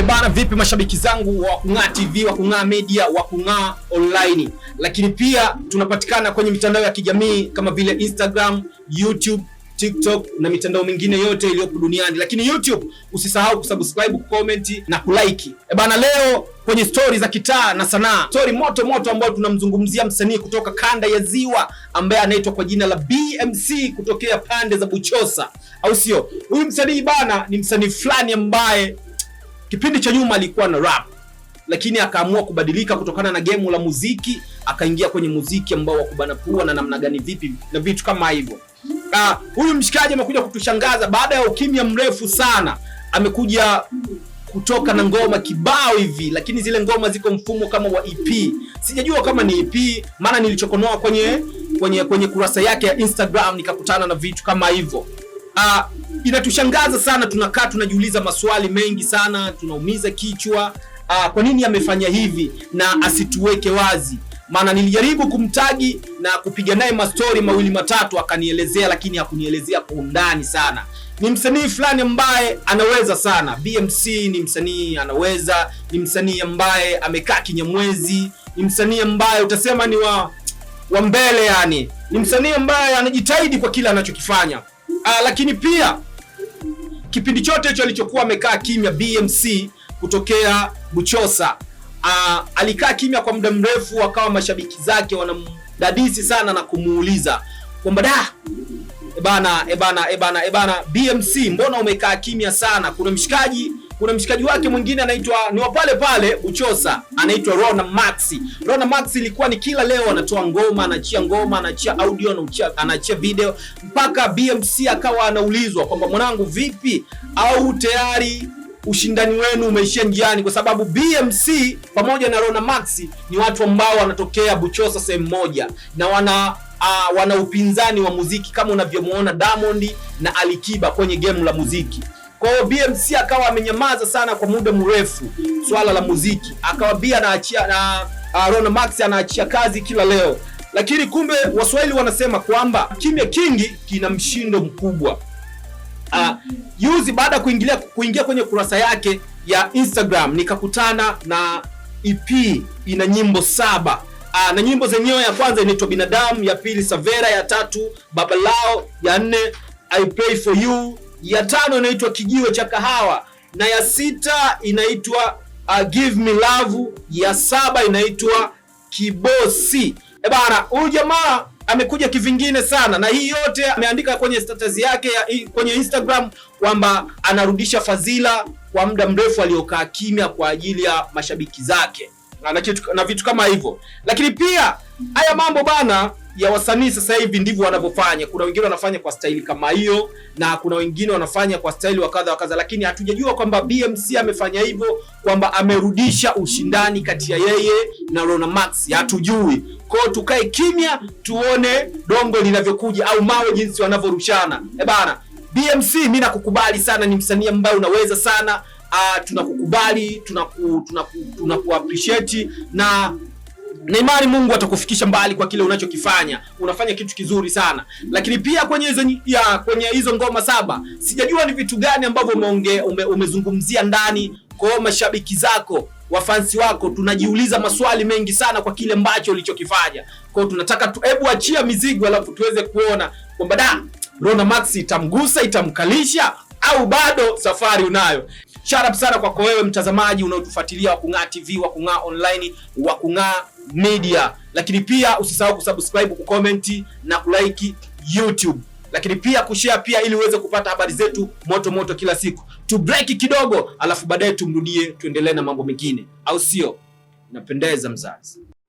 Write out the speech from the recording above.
Eh, bana, vipi mashabiki zangu wa Kung'aa TV, wa Kung'aa Media, wa Kung'aa Online, lakini pia tunapatikana kwenye mitandao ya kijamii kama vile Instagram, YouTube, TikTok na mitandao mingine yote iliyopo duniani, lakini YouTube usisahau kusubscribe, comment na kulike. E bana, leo kwenye stori za kitaa na sanaa, stori moto moto ambayo tunamzungumzia msanii kutoka kanda ya Ziwa ambaye anaitwa kwa jina la BMC kutokea pande za Buchosa, au sio? Huyu msanii bana ni msanii fulani ambaye Kipindi cha nyuma alikuwa na rap, lakini akaamua kubadilika kutokana na gemu la muziki, akaingia kwenye muziki ambao wa kubana pua na namna gani, vipi na vitu kama hivyo. Ah, huyu mshikaji amekuja kutushangaza baada ya ukimya mrefu sana, amekuja kutoka na ngoma kibao hivi, lakini zile ngoma ziko mfumo kama wa EP. Sijajua kama ni EP, maana nilichokonoa kwenye kwenye kwenye kurasa yake ya Instagram nikakutana na vitu kama hivyo. Ah, inatushangaza sana, tunakaa tunajiuliza maswali mengi sana, tunaumiza kichwa aa, ah, kwa nini amefanya hivi na asituweke wazi? Maana nilijaribu kumtagi na kupiga naye mastori mawili matatu, akanielezea, lakini hakunielezea kwa undani sana. Ni msanii fulani ambaye anaweza sana. BMC ni msanii anaweza, ni msanii ambaye amekaa kinyamwezi, ni msanii ambaye utasema ni wa wa mbele yani, ni msanii ambaye anajitahidi kwa kila anachokifanya. Ah, lakini pia kipindi chote hicho alichokuwa amekaa kimya BMC kutokea Buchosa. Uh, alikaa kimya kwa muda mrefu, akawa mashabiki zake wanamdadisi sana na kumuuliza kwamba da ebana ebana ebana ebana BMC, mbona umekaa kimya sana? Kuna mshikaji kuna mshikaji wake mwingine anaitwa ni wa pale pale Buchosa, anaitwa Rona Maxi. Rona Maxi ilikuwa ni kila leo anatoa ngoma, anachia ngoma, anachia audio, anachia, anachia video mpaka BMC akawa anaulizwa kwamba mwanangu, vipi au tayari ushindani wenu umeishia njiani? Kwa sababu BMC pamoja na Rona Maxi ni watu ambao wanatokea Buchosa sehemu moja na wana uh, wana upinzani wa muziki kama unavyomuona Diamond na Alikiba kwenye game la muziki. Kwa hiyo BMC akawa amenyamaza sana kwa muda mrefu swala la muziki, akawa B anaachia na uh, Ron Max anaachia kazi kila leo, lakini kumbe Waswahili wanasema kwamba kimya kingi kina mshindo mkubwa. Uh, yuzi baada ya kuingilia kuingia kwenye kurasa yake ya Instagram nikakutana na EP ina nyimbo saba. Aa, uh, na nyimbo zenyewe ya kwanza inaitwa Binadamu, ya pili Savera, ya tatu Babalao, ya nne I Pray For You, ya tano inaitwa kijiwe cha kahawa, na ya sita inaitwa uh, give me love, ya saba inaitwa kibosi. Ebana, huyu jamaa amekuja kivingine sana, na hii yote ameandika kwenye status yake ya, kwenye Instagram kwamba anarudisha fadhila kwa muda mrefu aliokaa kimya kwa ajili ya mashabiki zake na, na, na vitu kama hivyo, lakini pia Haya mambo bana ya wasanii sasa hivi ndivyo wanavyofanya. Kuna wengine wanafanya kwa staili kama hiyo, na kuna wengine wanafanya kwa staili wakadha wakadha, wa lakini hatujajua kwamba BMC amefanya hivyo, kwamba amerudisha ushindani kati ya yeye na Rona Max, hatujui. Kwa hiyo tukae kimya, tuone dongo linavyokuja au mawe jinsi wanavyorushana. Eh bana, BMC mimi nakukubali sana, ni msanii ambaye unaweza sana. Uh, tunakukubali tunaku, tunaku, tunaku appreciate na na imani Mungu atakufikisha mbali kwa kile unachokifanya. Unafanya kitu kizuri sana, lakini pia kwenye hizo, ya, kwenye hizo ngoma saba sijajua ni vitu gani ambavyo umeongea ume, umezungumzia ndani kwa mashabiki zako wafansi wako. Tunajiuliza maswali mengi sana kwa kile ambacho ulichokifanya kwao. Tunataka hebu achia mizigo, alafu tuweze kuona kwamba da Rona Max itamgusa itamkalisha, au bado safari unayo. Shout out sana kwako wewe mtazamaji unaotufuatilia Wakung'aa TV, Wakung'aa online, Wakung'aa media, lakini pia usisahau kusubscribe, kucomment na kulike YouTube, lakini pia kushare pia, ili uweze kupata habari zetu moto moto kila siku. Tu break kidogo, alafu baadaye tumrudie, tuendelee na mambo mengine, au sio? Napendeza mzazi.